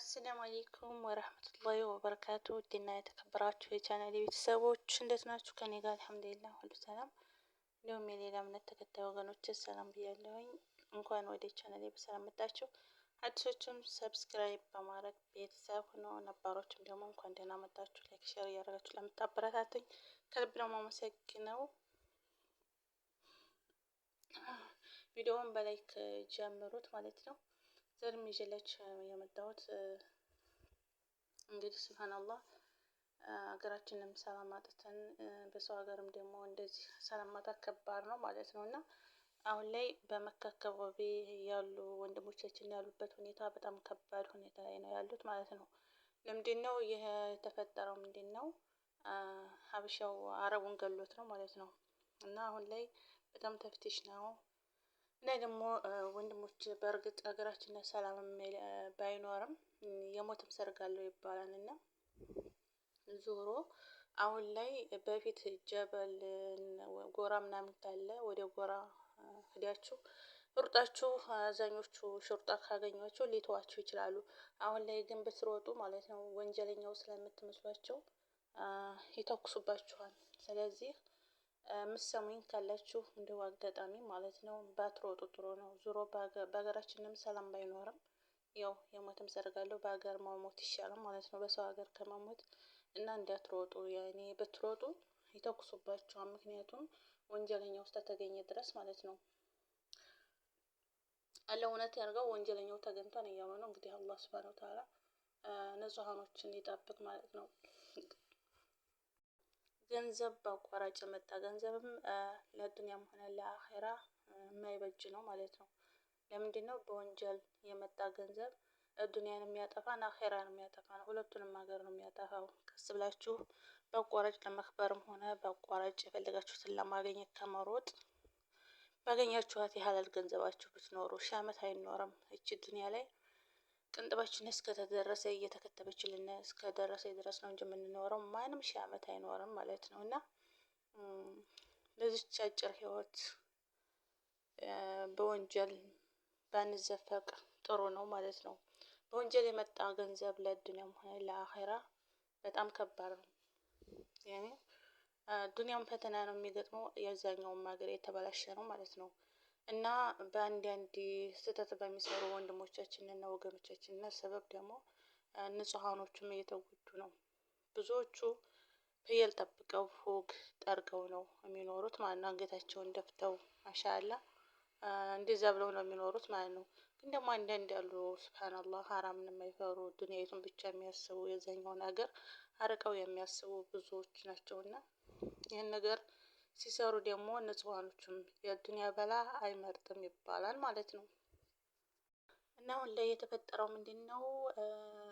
አሰላሙ አሌይኩም ወረህመቱላሂ ወበረካቱ ውድና የተከበራችሁ የቻናል ቤተሰቦች እንዴት ናችሁ? ከኔ ጋር አልሐምዱሊላህ ሁሉ ሰላም። እንዲሁም የሌላ እምነት ተከታይ ወገኖች ሰላም ብያለሁኝ። እንኳን ወደ ቻናል በሰላም መጣችሁ። አዲሶቹም ሰብስክራይብ በማድረግ ቤተሰብ ሆኖ ነባሮችም ደግሞ እንኳን ደህና መጣችሁ። ላይክ ሼር እያደረጋችሁ ለምታበረታቱኝ ከልብ ነው የማመሰግነው። ቪዲዮውን በላይክ ጀምሩት ማለት ነው። ዘርም ይዤላችሁ የመጣሁት እንግዲህ ሱብሃነላህ ሀገራችንም ሰላም አጥተን በሰው ሀገርም ደግሞ እንደዚህ ሰላም ማጣት ከባድ ነው ማለት ነው። እና አሁን ላይ በመካ አካባቢ ያሉ ወንድሞቻችን ያሉበት ሁኔታ በጣም ከባድ ሁኔታ ላይ ነው ያሉት ማለት ነው። ለምንድን ነው ይህ የተፈጠረው? ምንድን ነው ሀበሻው አረቡን ገሎት ነው ማለት ነው። እና አሁን ላይ በጣም ተፍቲሽ ነው እና ደግሞ ወንድሞች በእርግጥ ሀገራችን ላይ ሰላም ባይኖርም የሞትም ሰርግ አለው ይባላል እና ዞሮ አሁን ላይ በፊት ጀበል ጎራ ምናምን ካለ ወደ ጎራ ሂዳችሁ ሩጣችሁ አብዛኞቹ ሹርጣ ካገኟቸው ሊተዋችሁ ይችላሉ። አሁን ላይ ግን ብትሮጡ ማለት ነው ወንጀለኛው ስለምትመስሏቸው ይተኩሱባችኋል። ስለዚህ ምሰሙኝ ካላችሁ እንደው አጋጣሚ ማለት ነው ባትሮጡ ጥሩ ነው። ዙሮ በሀገራችንም ሰላም ባይኖርም ያው የሞትም ሰርግ በሀገር መሞት ይሻላል ማለት ነው በሰው ሀገር ከመሞት እና እንዳትሮጡ። ያኔ ብትሮጡ ይተኩሱባቸዋል። ምክንያቱም ወንጀለኛው ተተገኘ ድረስ ማለት ነው አለ እውነት ያርገው ወንጀለኛው ተገኝቷል እያሉ ነው እንግዲህ አላህ ሱብሃነሁ ወተዓላ ንጹሐኖችን ይጠብቅ ማለት ነው። ገንዘብ በአቋራጭ የመጣ ገንዘብም ለዱንያም ሆነ ለአኼራ የማይበጅ ነው ማለት ነው። ለምንድን ነው? በወንጀል የመጣ ገንዘብ ዱንያን የሚያጠፋን አኼራን የሚያጠፋን ሁለቱንም ሀገር ነው የሚያጠፋው። ቀስ ብላችሁ በአቋራጭ ለመክበርም ሆነ በአቋራጭ የፈለጋችሁትን ለማግኘት ከመሮጥ ባገኛችኋት የሀላል ገንዘባችሁ ብትኖሩ ሺህ ዓመት አይኖርም እቺ ዱንያ ላይ ቅንጥባችን እስከተደረሰ እየተከተበችልን እስከደረሰ ድረስ ነው እንጂ የምንኖረው ማንም ሺህ ዓመት አይኖርም ማለት ነው እና ለዚች አጭር ህይወት በወንጀል ባንዘፈቅ ጥሩ ነው ማለት ነው። በወንጀል የመጣ ገንዘብ ለዱንያም ሆነ ለአኼራ በጣም ከባድ ነው። ያኔ ዱንያም ፈተና ነው የሚገጥመው፣ የዛኛውም ሀገር የተበላሸ ነው ማለት ነው። እና በአንዳንድ ስህተት በሚሰሩ ወንድሞቻችን እና ወገኖቻችን ሰበብ ደግሞ ንጹሐኖቹም እየተጎዱ ነው። ብዙዎቹ ፍየል ጠብቀው ፎግ ጠርገው ነው የሚኖሩት ማለት ነው። አንገታቸውን ደፍተው ማሻላ እንደዛ ብለው ነው የሚኖሩት ማለት ነው። ግን ደግሞ አንዳንድ ያሉ ስብሓንላህ ሀራምን የማይፈሩ ዱንያዊቱን ብቻ የሚያስቡ የዛኛውን ሀገር አርቀው የሚያስቡ ብዙዎች ናቸውና ይህን ነገር ሲሰሩ ደግሞ ንጹሃኖቹም የእጁን ያበላ አይመርጥም ይባላል ማለት ነው። እና አሁን ላይ የተፈጠረው ምንድን ነው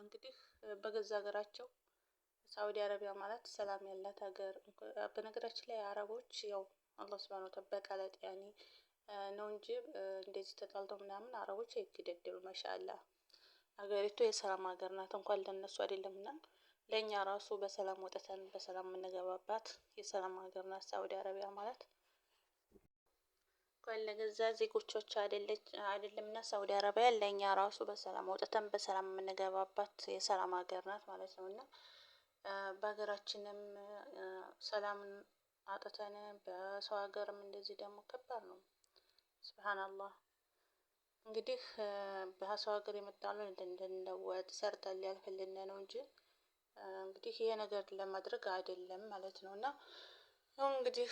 እንግዲህ በገዛ ሀገራቸው ሳውዲ አረቢያ ማለት ሰላም ያላት ሀገር። በነገራችን ላይ አረቦች ያው አላህ ሱብሃነሁ ወተዓላ በቀለጥ ነው እንጂ እንደዚህ ተጣልተው ምናምን አረቦች አይገደደሉ ማሻአላህ ሀገሪቱ የሰላም ሀገር ናት። እንኳን ለነሱ አይደለም እና ለእኛ ራሱ በሰላም ወጥተን በሰላም የምንገባባት የሰላም ሀገር ናት ሳኡዲ አረቢያ ማለት። እንኳን ለገዛ ዜጎቿ አይደለች እና ሳኡዲ አረቢያ ለእኛ ራሱ በሰላም ወጥተን በሰላም የምንገባባት የሰላም ሀገር ናት ማለት ነው። እና በሀገራችንም ሰላም አጥተን በሰው ሀገርም እንደዚህ ደግሞ ከባድ ነው። ስብሓናላህ እንግዲህ በሰው ሀገር የመጣነው እንድንለወጥ ሰርተን ሊያልፍልን ነው እንጂ እንግዲህ ይሄ ነገር ለማድረግ አይደለም ማለት ነው እና ያው እንግዲህ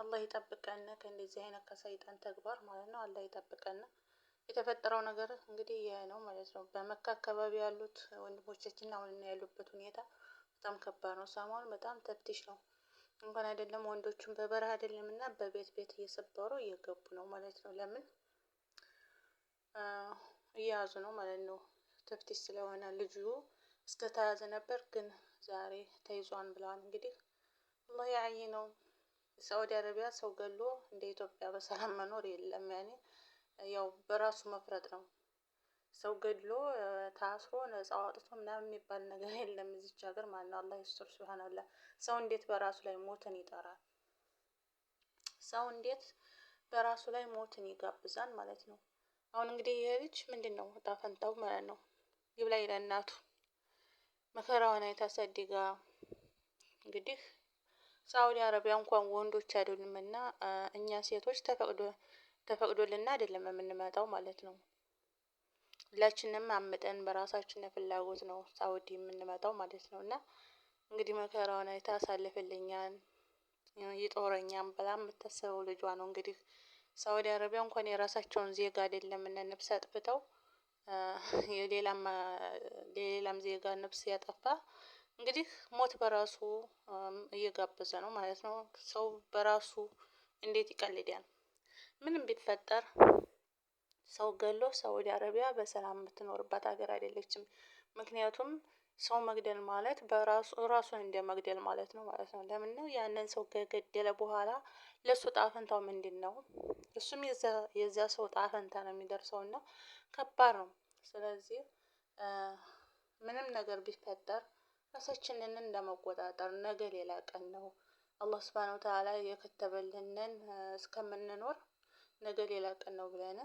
አላህ ይጠብቀን ከእንደዚህ አይነት ከሰይጣን ተግባር ማለት ነው። አላህ ይጠብቀን። የተፈጠረው ነገር እንግዲህ ይሄ ነው ማለት ነው። በመካ አካባቢ ያሉት ወንድሞቻችን አሁን ያሉበት ሁኔታ በጣም ከባድ ነው። ሰሞኑ በጣም ተፍትሽ ነው እንኳን አይደለም ወንዶቹን በበረሃ አይደለም እና በቤት ቤት እየሰበሩ እየገቡ ነው ማለት ነው። ለምን እየያዙ ነው ማለት ነው። ተፍትሽ ስለሆነ ልጁ እስከተያዘ ነበር፣ ግን ዛሬ ተይዟን ብለዋል። እንግዲህ አላህ ነው? ሳዑዲ አረቢያ ሰው ገሎ እንደ ኢትዮጵያ በሰላም መኖር የለም። ያኔ ያው በራሱ መፍረጥ ነው። ሰው ገድሎ ታስሮ ነፃ አውጥቶ ምናምን የሚባል ነገር የለም እዚች ሀገር ማለት ነው። አላህ ይስጥር። ሱብሃነላህ ሰው እንዴት በራሱ ላይ ሞትን ይጠራል? ሰው እንዴት በራሱ ላይ ሞትን ይጋብዛል ማለት ነው። አሁን እንግዲህ ይሄ ልጅ ምንድን ነው እጣ ፈንታው ማለት ነው። ይብላ ይለእናቱ መከራዋን አይታ እንግዲህ ሳውዲ አረቢያ እንኳን ወንዶች አይደሉምና እኛ ሴቶች ተፈቅዶ ተፈቅዶልና አይደለም የምንመጣው ማለት ነው። ሁላችንም አምጠን በራሳችን ፍላጎት ነው ሳውዲ የምንመጣው ማለት ነው። እና እንግዲህ መከራውን አይታ አሳልፍልኛል ይጦረኛም ብላ የምታስበው ልጇ ነው። እንግዲህ ሳውዲ አረቢያ እንኳን የራሳቸውን ዜጋ አይደለም እነ ነፍስ አጥፍተው የሌላም ዜጋ ነፍስ ያጠፋ እንግዲህ ሞት በራሱ እየጋበዘ ነው ማለት ነው። ሰው በራሱ እንዴት ይቀልዳል? ምንም ቢፈጠር ሰው ገሎ ሳውዲ አረቢያ በሰላም የምትኖርባት ሀገር አይደለችም። ምክንያቱም ሰው መግደል ማለት በራሱ ራሱን እንደ መግደል ማለት ነው ማለት ነው። ለምን ነው ያንን ሰው ከገደለ በኋላ ለሱ ጣፈንታው ምንድን ነው? እሱም የዛ ሰው ጣፈንታ ነው የሚደርሰው እና ከባድ ነው። ስለዚህ ምንም ነገር ቢፈጠር ራሳችንን እንደመቆጣጠር ነገ ሌላ ቀን ነው። አላህ ስብሐነ ወተዓላ የከተበልንን እስከምንኖር ነገ ሌላ ቀን ነው ብለን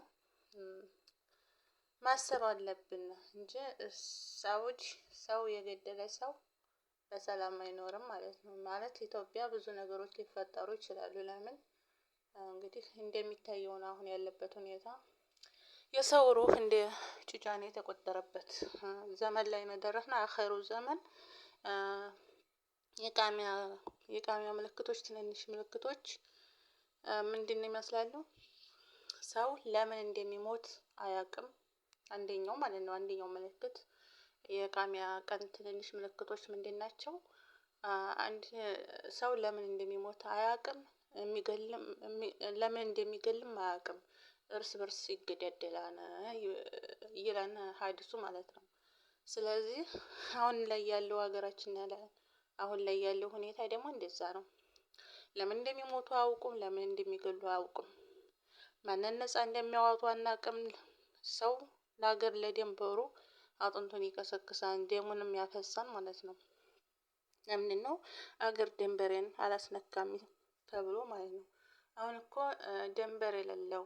ማሰብ አለብን እንጂ ሰዎች ሰው የገደለ ሰው በሰላም አይኖርም ማለት ነው። ማለት ኢትዮጵያ ብዙ ነገሮች ሊፈጠሩ ይችላሉ። ለምን እንግዲህ እንደሚታየውን አሁን ያለበት ሁኔታ የሰው ሩህ እንደ ጭጫኔ የተቆጠረበት ዘመን ላይ መደረስና አኸሩ ዘመን የቃሚያ የቃሚያ ምልክቶች ትንንሽ ምልክቶች ምንድን ይመስላሉ? ሰው ለምን እንደሚሞት አያውቅም። አንደኛው ማለት ነው። አንደኛው ምልክት የቃሚያ ቀን ትንንሽ ምልክቶች ምንድን ናቸው? አንድ ሰው ለምን እንደሚሞት አያውቅም። የሚገልም ለምን እንደሚገልም አያውቅም። እርስ በርስ ይገዳደላል ይላል ሀዲሱ ማለት ነው። ስለዚህ አሁን ላይ ያለው ሀገራችን ያለ አሁን ላይ ያለው ሁኔታ ደግሞ እንደዛ ነው። ለምን እንደሚሞቱ አያውቁም፣ ለምን እንደሚገሉ አያውቁም። ማንን ነጻ እንደሚያወጡ አናቅም። ሰው ለሀገር ለደንበሩ አጥንቱን ይቀሰቅሳል፣ ደሙንም ያፈሳል ማለት ነው። ለምን ነው አገር ደንበሬን አላስነካሚ ተብሎ ማለት ነው። አሁን እኮ ደንበር የሌለው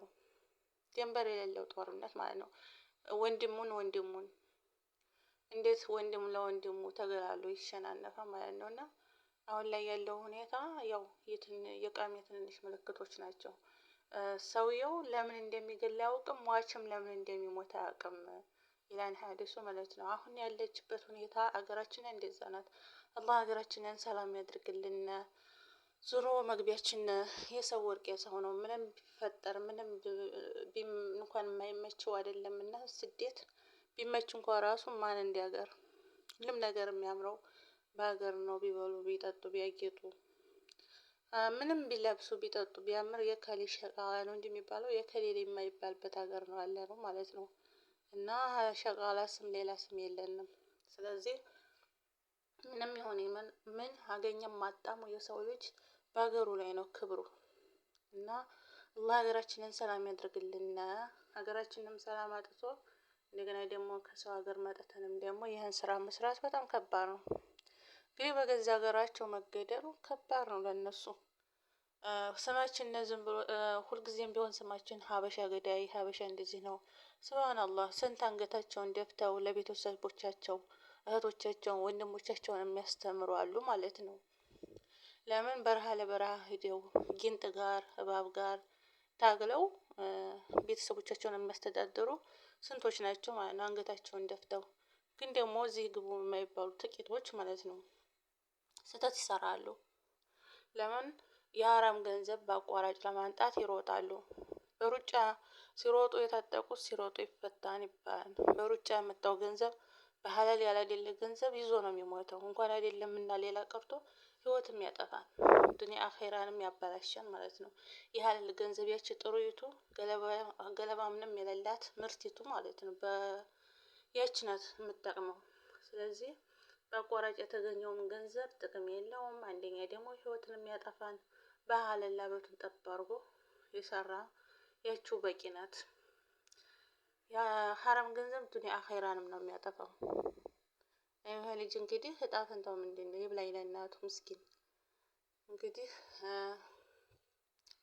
ድንበር የሌለው ጦርነት ማለት ነው። ወንድሙን ወንድሙን እንዴት ወንድም ለወንድሙ ተገላሉ ይሸናነፈ ማለት ነው። እና አሁን ላይ ያለው ሁኔታ ያው የቀሚ ትንንሽ ምልክቶች ናቸው። ሰውየው ለምን እንደሚገል አያውቅም፣ ሟችም ለምን እንደሚሞት አያውቅም ይላል ሀዲሱ ማለት ነው። አሁን ያለችበት ሁኔታ አገራችን እንደዛ ናት። አላህ ሀገራችንን ሰላም ያድርግልን። ዙሮ መግቢያችን የሰው ወርቅ የሰው ነው። ምንም ቢፈጠር ምንም እንኳን የማይመቸው አይደለም እና ስደት ቢመች እንኳ ራሱ ማን እንዲያገር ሁሉም ነገር የሚያምረው በሀገር ነው። ቢበሉ ቢጠጡ ቢያጌጡ ምንም ቢለብሱ ቢጠጡ ቢያምር የከሌ ሸቃላ ነው እንጂ የሚባለው የከሌል የማይባልበት ሀገር ነው ያለ ነው ማለት ነው። እና ሸቃላ ስም ሌላ ስም የለንም። ስለዚህ ምንም የሆነ ምን አገኘም አጣሙ የሰው ልጅ በሀገሩ ላይ ነው ክብሩ እና አላህ ሀገራችንን ሰላም ያድርግልን። ሀገራችንም ሰላም አጥቶ እንደገና ደግሞ ከሰው ሀገር መጠተንም ደግሞ ይህን ስራ መስራት በጣም ከባድ ነው። እንግዲህ በገዛ ሀገራቸው መገደሉ ከባድ ነው ለነሱ። ስማችን ነዝም ብሎ ሁልጊዜም ቢሆን ስማችን ሀበሻ ገዳይ፣ ሀበሻ እንደዚህ ነው። ስብሃን አላህ ስንት አንገታቸውን ደፍተው ለቤተሰቦቻቸው እህቶቻቸውን፣ ወንድሞቻቸውን የሚያስተምሩ አሉ ማለት ነው። ለምን በረሃ ለበረሃ ሂደው ጊንጥ ጋር እባብ ጋር ታግለው ቤተሰቦቻቸውን የሚያስተዳድሩ ስንቶች ናቸው ማለት ነው። አንገታቸውን ደፍተው ግን ደግሞ እዚህ ግቡ የማይባሉ ጥቂቶች ማለት ነው። ስህተት ይሰራሉ። ለምን የሀራም ገንዘብ በአቋራጭ ለማንጣት ይሮጣሉ። በሩጫ ሲሮጡ የታጠቁት ሲሮጡ ይፈታን ይባላል። በሩጫ የመጣው ገንዘብ በሀላል ያላሌለ ገንዘብ ይዞ ነው የሚሞተው። እንኳን እና ሌላ ቀርቶ ህይወትም ያጠፋል፣ ዱኒያ አኼራንም ያበላሻል ማለት ነው። ይህል ገንዘብ ያቺ ጥሩይቱ ገለባ ምንም የሌላት ምርቲቱ ማለት ነው። በያች ናት የምትጠቅመው። ስለዚህ በአቋራጭ የተገኘውም ገንዘብ ጥቅም የለውም። አንደኛ ደግሞ ህይወትንም ያጠፋል። በሀላል ላበቱን ጠብ አድርጎ የሰራ ያቺው በቂ ናት። የሀረም ገንዘብ ዱኒያ አኼራንም ነው የሚያጠፋው። ይህ ልጅ እንግዲህ እጣ ፈንታው ምንድን ነው? ይብላኝ ለእናቱ ምስኪን። እንግዲህ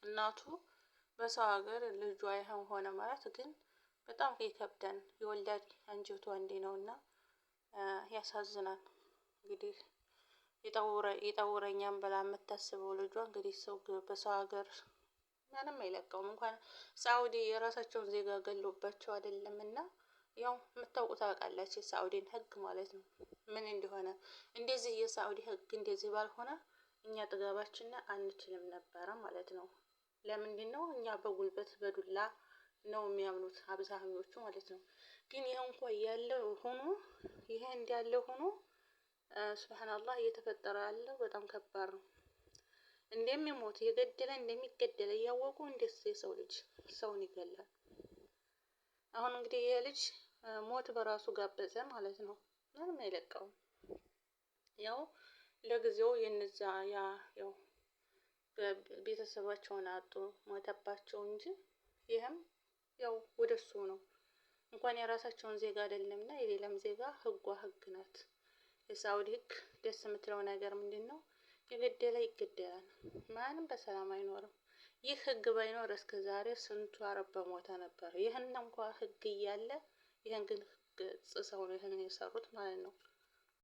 እናቱ በሰው ሀገር ልጇ ይህን ሆነ ማለት ግን በጣም ይከብዳል። የወላድ አንጀቱ አንዴ ነው እና ያሳዝናል። እንግዲህ የጠውረኛም ብላ የምታስበው ልጇ እንግዲህ ሰው በሰው ሀገር ምንም አይለቀውም። እንኳን ሳኡዲ የራሳቸውን ዜጋ ገሎባቸው አይደለም እና ያው የምታውቁት ታውቃላች የሳዑዲን ህግ ማለት ነው ምን እንደሆነ። እንደዚህ የሳዑዲ ህግ እንደዚህ ባልሆነ እኛ ጥጋባችን አንችልም ነበረ ማለት ነው። ለምንድን ነው እኛ በጉልበት በዱላ ነው የሚያምኑት አብዛኞቹ ማለት ነው። ግን ይህ እንኳ ያለ ሆኖ ይሄ እንዳለ ሆኖ ሱብሃናላህ እየተፈጠረ ያለው በጣም ከባድ ነው። እንደሚሞት የገደለ እንደሚገደለ እያወቁ እንዴት የሰው ልጅ ሰውን ይገላል? አሁን እንግዲህ ይሄ ልጅ ሞት በራሱ ጋበዘ ማለት ነው። ምንም አይለቀውም። ያው ለጊዜው የነዛ ያ ያው ቤተሰባቸውን አጡ ሞተባቸው እንጂ ይህም ያው ወደሱ ነው። እንኳን የራሳቸውን ዜጋ አይደለምና የሌላም ዜጋ ህጓ ህግ ናት። የሳውዲ ህግ ደስ የምትለው ነገር ምንድን ነው? የገደለ ይገደላል። ማንም በሰላም አይኖርም። ይህ ህግ ባይኖር እስከ ዛሬ ስንቱ አረብ በሞተ ነበር። ይህን እንኳ ህግ እያለ ይህን ግን ገጽ ሰው ነው የሰሩት ማለት ነው።